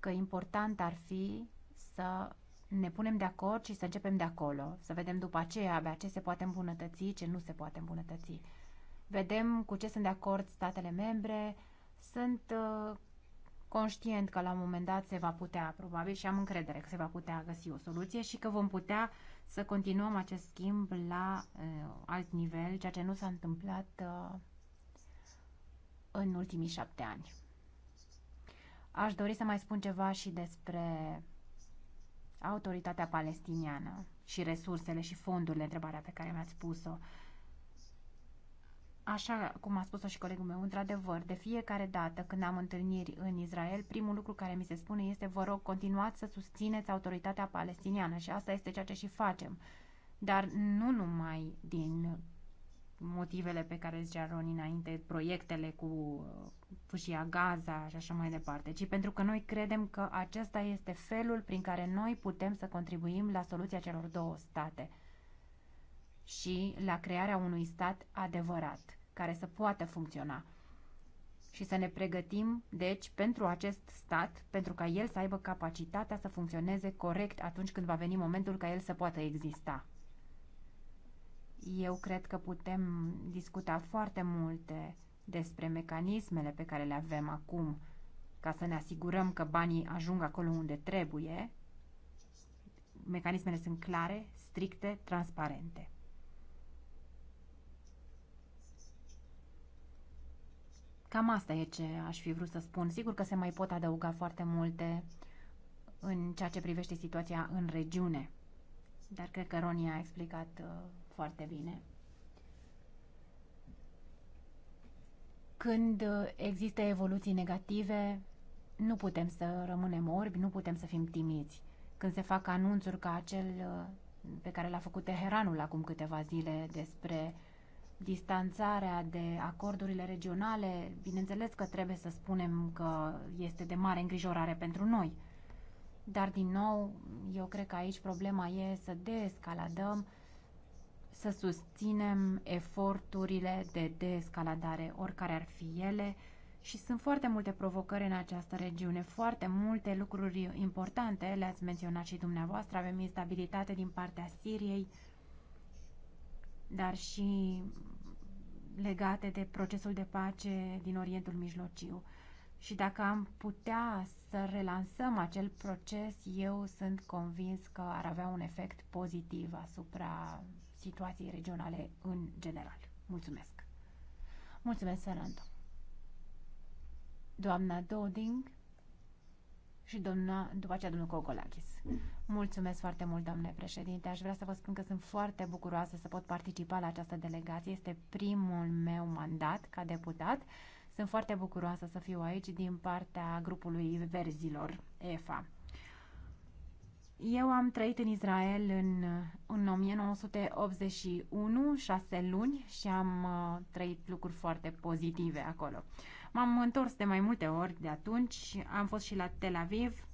B: că important ar fi să ne punem de acord și să începem de acolo, să vedem după aceea abia ce se poate îmbunătăți, ce nu se poate îmbunătăți. Vedem cu ce sunt de acord statele membre, sunt uh, conștient că la un moment dat se va putea, probabil, și am încredere că se va putea găsi o soluție și că vom putea să continuăm acest schimb la uh, alt nivel, ceea ce nu s-a întâmplat uh, în ultimii șapte ani. Aș dori să mai spun ceva și despre autoritatea palestiniană și resursele și fondurile, întrebarea pe care mi-ați spus-o. Așa cum a spus-o și colegul meu, într-adevăr, de fiecare dată când am întâlniri în Israel, primul lucru care mi se spune este vă rog, continuați să susțineți autoritatea palestiniană și asta este ceea ce și facem. Dar nu numai din motivele pe care zicea roni înainte, proiectele cu fâșia Gaza și așa mai departe, ci pentru că noi credem că acesta este felul prin care noi putem să contribuim la soluția celor două state și la crearea unui stat adevărat, care să poată funcționa. Și să ne pregătim, deci, pentru acest stat, pentru ca el să aibă capacitatea să funcționeze corect atunci când va veni momentul ca el să poată exista. Eu cred că putem discuta foarte multe despre mecanismele pe care le avem acum ca să ne asigurăm că banii ajung acolo unde trebuie. Mecanismele sunt clare, stricte, transparente. Cam asta e ce aș fi vrut să spun. Sigur că se mai pot adăuga foarte multe în ceea ce privește situația în regiune. Dar cred că Ronia a explicat uh, foarte bine. Când uh, există evoluții negative, nu putem să rămânem orbi, nu putem să fim timiți. Când se fac anunțuri ca acel uh, pe care l-a făcut Teheranul acum câteva zile despre distanțarea de acordurile regionale, bineînțeles că trebuie să spunem că este de mare îngrijorare pentru noi. Dar, din nou, eu cred că aici problema e să deescaladăm să susținem eforturile de deescaladare, oricare ar fi ele, și sunt foarte multe provocări în această regiune, foarte multe lucruri importante, le-ați menționat și dumneavoastră, avem instabilitate din partea Siriei, dar și legate de procesul de pace din Orientul Mijlociu. Și dacă am putea să relansăm acel proces, eu sunt convins că ar avea un efect pozitiv asupra situației regionale în general. Mulțumesc! Mulțumesc, Fernando! Doamna Doding și doamna, după aceea domnul Cogolakis. Mulțumesc foarte mult, doamne președinte. Aș vrea să vă spun că sunt foarte bucuroasă să pot participa la această delegație. Este primul meu mandat ca deputat. Sunt foarte bucuroasă să fiu aici din partea grupului verzilor EFA. Eu am trăit în Israel în, în 1981, șase luni, și am uh, trăit lucruri foarte pozitive acolo. M-am întors de mai multe ori de atunci, am fost și la Tel Aviv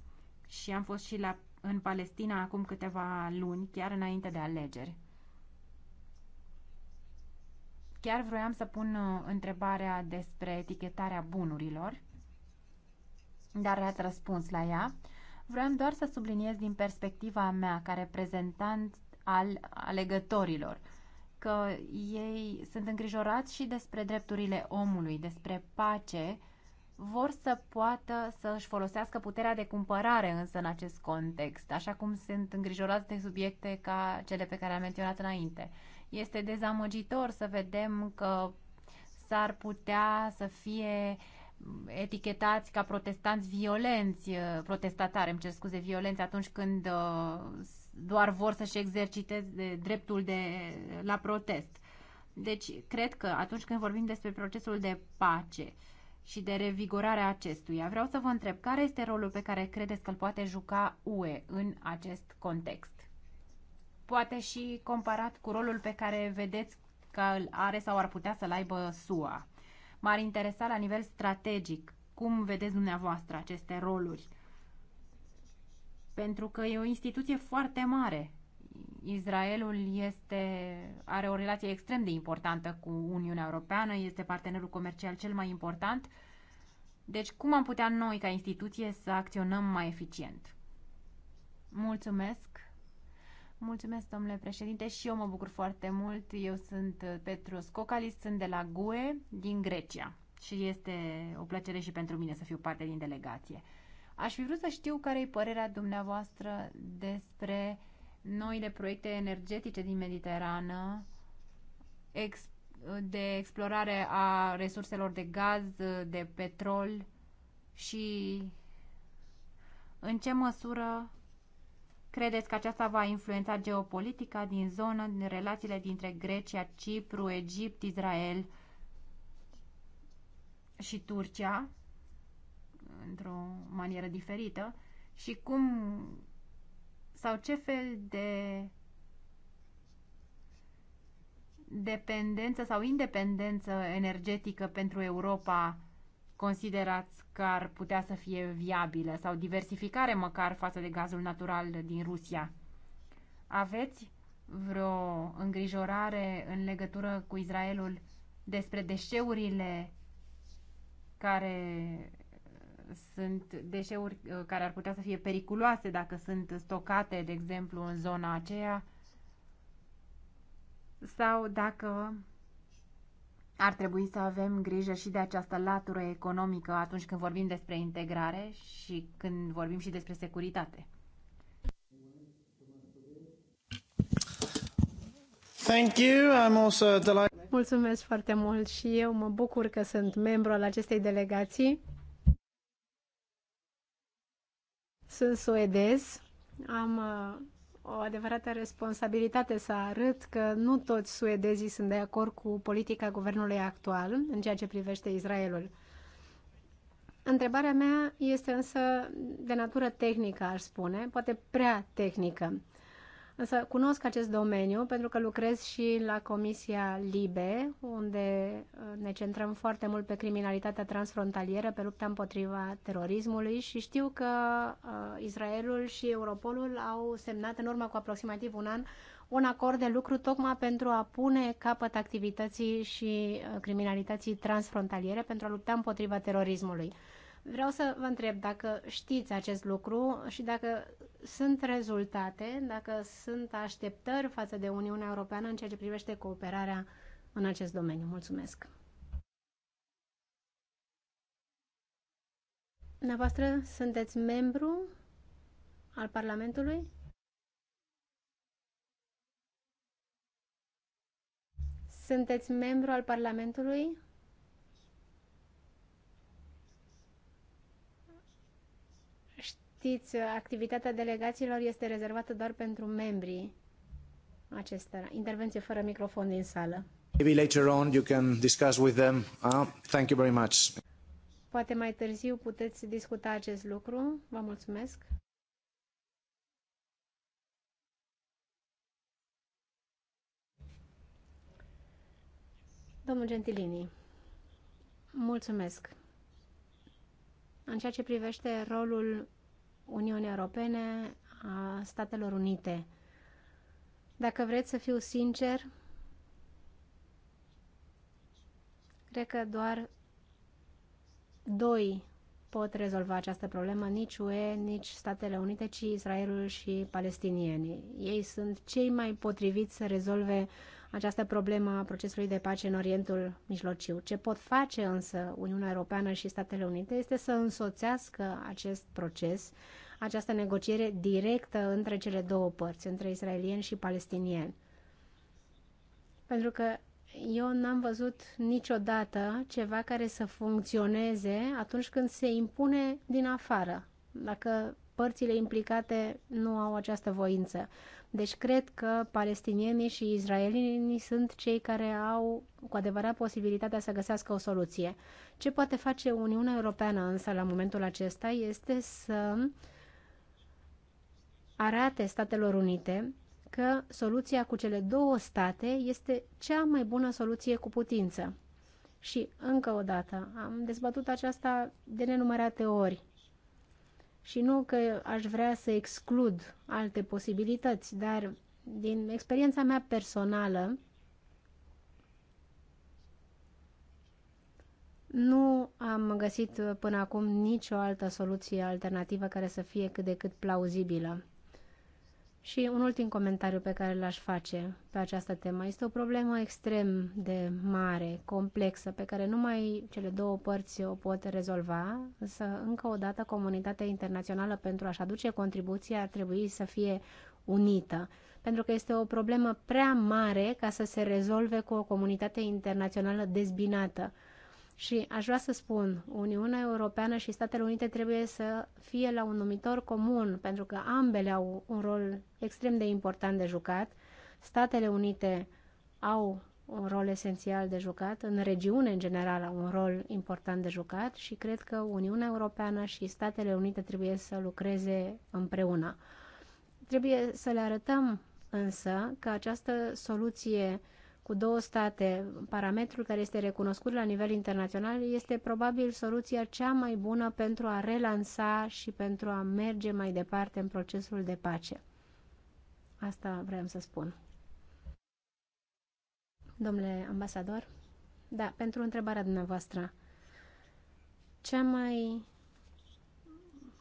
B: și am fost și la, în Palestina acum câteva luni, chiar înainte de alegeri. Chiar vroiam să pun uh, întrebarea despre etichetarea bunurilor, dar ați răspuns la ea. Vreau doar să subliniez din perspectiva mea, ca reprezentant al alegătorilor, că ei sunt îngrijorați și despre drepturile omului, despre pace, vor să poată să-și folosească puterea de cumpărare însă în acest context, așa cum sunt îngrijorați de subiecte ca cele pe care am menționat înainte. Este dezamăgitor să vedem că s-ar putea să fie etichetați ca protestanți violenți, uh, protestatari, îmi cer scuze, violenți atunci când uh, doar vor să-și exerciteze dreptul de, la protest. Deci, cred că atunci când vorbim despre procesul de pace și de a acestuia, vreau să vă întreb care este rolul pe care credeți că îl poate juca UE în acest context? Poate și comparat cu rolul pe care vedeți că îl are sau ar putea să-l aibă SUA. M-ar interesa la nivel strategic cum vedeți dumneavoastră aceste roluri. Pentru că e o instituție foarte mare. Israelul este, are o relație extrem de importantă cu Uniunea Europeană, este partenerul comercial cel mai important. Deci cum am putea noi ca instituție să acționăm mai eficient? Mulțumesc! Mulțumesc, domnule președinte, și eu mă bucur foarte mult. Eu sunt uh, Petros Scocalis, sunt de la GUE, din Grecia și este o plăcere și pentru mine să fiu parte din delegație. Aș fi vrut să știu care e părerea dumneavoastră despre noile proiecte energetice din Mediterană, ex, de explorare a resurselor de gaz, de petrol și în ce măsură Credeți că aceasta va influența geopolitica din zonă, din relațiile dintre Grecia, Cipru, Egipt, Israel și Turcia într-o manieră diferită și cum sau ce fel de dependență sau independență energetică pentru Europa considerați că ar putea să fie viabilă sau diversificare măcar față de gazul natural din Rusia? Aveți vreo îngrijorare în legătură cu Israelul despre deșeurile care uh, sunt deșeuri uh, care ar putea să fie periculoase dacă sunt stocate, de exemplu, în zona aceea sau dacă ar trebui să avem grijă și de această latură economică atunci când vorbim despre integrare și când vorbim și despre securitate.
C: Thank you. I'm also delighted. Mulțumesc foarte mult și eu mă bucur că sunt membru al acestei delegații. Sunt suedez, am uh, o adevărată responsabilitate să arăt că nu toți suedezii sunt de acord cu politica guvernului actual în ceea ce privește Israelul. Întrebarea mea este însă de natură tehnică, aș spune, poate prea tehnică. Însă cunosc acest domeniu pentru că lucrez și la Comisia LIBE, unde uh, ne centrăm foarte mult pe criminalitatea transfrontalieră, pe lupta împotriva terorismului și știu că uh, Israelul și Europolul au semnat în urmă cu aproximativ un an un acord de lucru tocmai pentru a pune capăt activității și uh, criminalității transfrontaliere pentru a lupta împotriva terorismului. Vreau să vă întreb dacă știți acest lucru și dacă sunt rezultate, dacă sunt așteptări față de Uniunea Europeană în ceea ce privește cooperarea în acest domeniu. Mulțumesc! Dumneavoastră sunteți membru al Parlamentului? Sunteți membru al Parlamentului? știți, activitatea delegațiilor este rezervată doar pentru membrii acestora. Intervenție fără microfon din sală.
A: Maybe later on you can discuss with them. Uh, thank you very much.
C: Poate mai târziu puteți discuta acest lucru. Vă mulțumesc. Domnul Gentilini, mulțumesc. În ceea ce privește rolul Uniunii Europene a Statelor Unite. Dacă vreți să fiu sincer, cred că doar doi pot rezolva această problemă, nici UE, nici Statele Unite, ci Israelul și palestinienii. Ei sunt cei mai potriviți să rezolve uh, această problemă a procesului de pace în Orientul Mijlociu. Ce pot face însă Uniunea Europeană și Statele Unite este să însoțească acest proces, această negociere directă între cele două părți, între israelieni și palestinieni. Pentru că eu n-am văzut niciodată ceva care să funcționeze atunci când se impune din afară. Dacă părțile implicate nu au această voință. Deci cred că palestinienii și izraelienii sunt cei care au cu adevărat posibilitatea să găsească o soluție. Ce poate face Uniunea Europeană însă la momentul acesta este să arate Statelor Unite că soluția cu cele două state este cea mai bună soluție cu putință. Și, încă o dată, am dezbătut aceasta de nenumărate ori și nu că aș vrea să exclud alte posibilități, dar din experiența mea personală, Nu am găsit până acum nicio altă soluție alternativă care să fie cât de cât plauzibilă. Și un ultim comentariu pe care l-aș face pe această temă. Este o problemă extrem de mare, complexă, pe care numai cele două părți o pot rezolva, însă încă o dată comunitatea internațională pentru a-și aduce contribuția ar trebui să fie unită, pentru că este o problemă prea mare ca să se rezolve cu o comunitate internațională dezbinată. Și aș vrea să spun, Uniunea Europeană și Statele Unite trebuie să fie la un numitor comun, pentru că ambele au un rol extrem de important de jucat. Statele Unite au un rol esențial de jucat, în regiune în general au un rol important de jucat și cred că Uniunea Europeană și Statele Unite trebuie să lucreze împreună. Trebuie să le arătăm însă că această soluție cu două state, parametrul care este recunoscut la nivel internațional, este probabil soluția cea mai bună pentru a relansa și pentru a merge mai departe în procesul de pace. Asta vreau să spun. Domnule ambasador, da, pentru întrebarea dumneavoastră, cea mai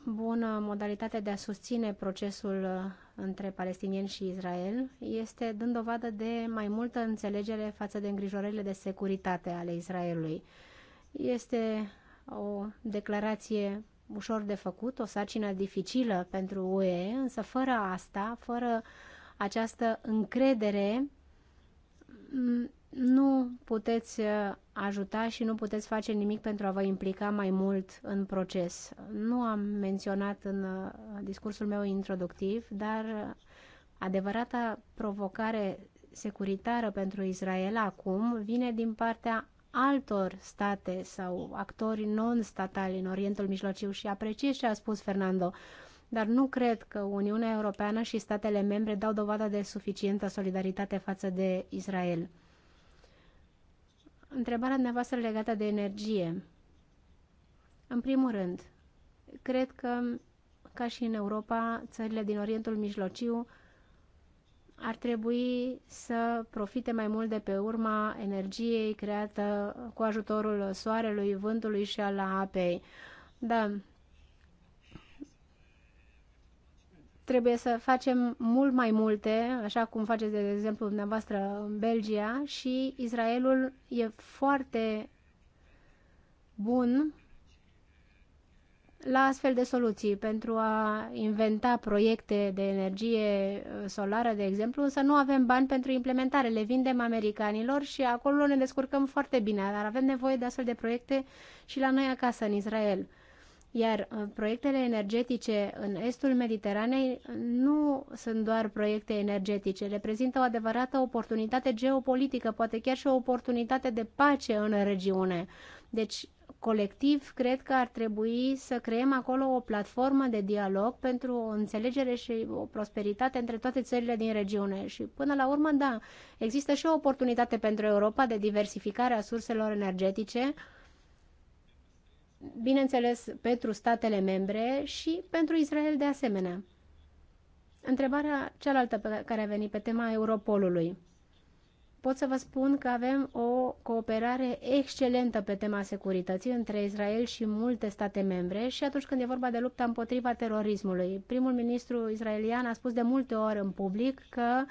C: bună modalitate de a susține procesul între palestinieni și Israel este dând dovadă de mai multă înțelegere față de îngrijorările de securitate ale Israelului. Este o declarație ușor de făcut, o sarcină dificilă pentru UE, însă fără asta, fără această încredere, nu puteți uh, ajuta și nu puteți face nimic pentru a vă implica mai mult în proces. Nu am menționat în uh, discursul meu introductiv, dar uh, adevărata provocare securitară pentru Israel acum vine din partea altor state sau actori non-statali în Orientul Mijlociu și apreciez ce a spus Fernando, dar nu cred că Uniunea Europeană și statele membre dau dovadă de suficientă solidaritate față de Israel întrebarea dumneavoastră legată de energie. În primul rând, cred că, ca și în Europa, țările din Orientul Mijlociu ar trebui să profite mai mult de pe urma energiei creată cu ajutorul soarelui, vântului și al apei. Da, trebuie să facem mult mai multe, așa cum faceți, de exemplu, dumneavoastră în Belgia și Israelul e foarte bun la astfel de soluții pentru a inventa proiecte de energie solară, de exemplu, însă nu avem bani pentru implementare. Le vindem americanilor și acolo ne descurcăm foarte bine, dar avem nevoie de astfel de proiecte și la noi acasă, în Israel. Iar uh, proiectele energetice în estul Mediteranei nu sunt doar proiecte energetice, reprezintă o adevărată oportunitate geopolitică, poate chiar și o oportunitate de pace în regiune. Deci, colectiv, cred că ar trebui să creăm acolo o platformă de dialog pentru o înțelegere și o prosperitate între toate țările din regiune. Și până la urmă, da, există și o oportunitate pentru Europa de diversificare a surselor energetice, bineînțeles, pentru statele membre și pentru Israel de asemenea. Întrebarea cealaltă pe care a venit pe tema Europolului. Pot să vă spun că avem o cooperare excelentă pe tema securității între Israel și multe state membre și atunci când e vorba de lupta împotriva terorismului. Primul ministru israelian a spus de multe ori în public că uh,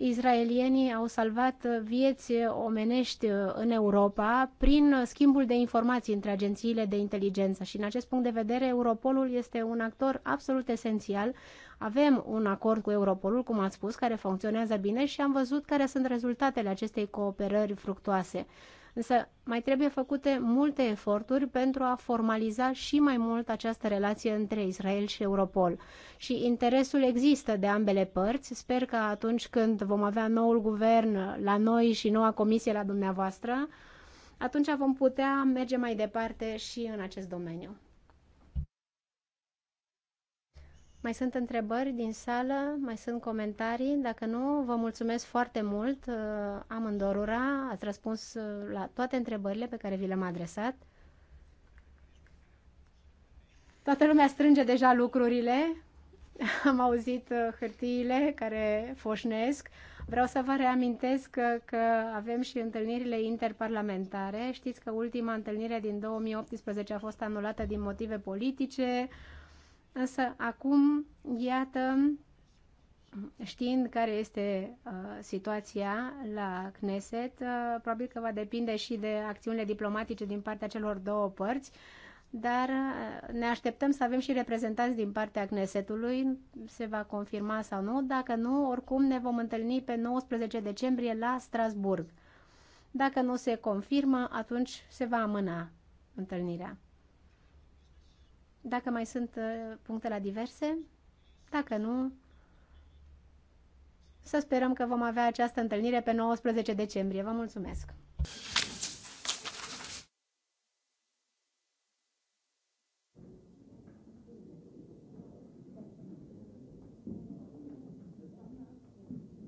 C: Israelienii au salvat uh, vieți uh, omenești uh, în Europa prin schimbul de informații între agențiile de inteligență și în acest punct de vedere Europolul este un actor absolut esențial. Avem un acord cu Europolul, cum ați spus, care funcționează bine și am văzut care sunt rezultatele acestei cooperări fructoase. Însă mai trebuie făcute multe eforturi pentru a formaliza și mai mult această relație între Israel și Europol. Și interesul există de ambele părți. Sper că atunci când vom avea noul guvern la noi și noua comisie la dumneavoastră, atunci vom putea merge mai departe și în acest domeniu. Mai sunt întrebări din sală? Mai sunt comentarii? Dacă nu, vă mulțumesc foarte mult uh, amândorura. Ați răspuns uh, la toate întrebările pe care vi le-am adresat. Toată lumea strânge deja lucrurile. Am auzit uh, hârtiile care foșnesc. Vreau să vă reamintesc că, că avem și întâlnirile interparlamentare. Știți că ultima întâlnire din 2018 a fost anulată din motive politice Însă acum, iată, știind care este uh, situația la Knesset, uh, probabil că va depinde și de acțiunile diplomatice din partea celor două părți, dar uh, ne așteptăm să avem și reprezentanți din partea Cnesetului, se va confirma sau nu, dacă nu, oricum ne vom întâlni pe 19 decembrie la Strasburg. Dacă nu se confirmă, atunci se va amâna întâlnirea. Dacă mai sunt uh, puncte la diverse, dacă nu, să sperăm că vom avea această întâlnire pe 19 decembrie. Vă mulțumesc!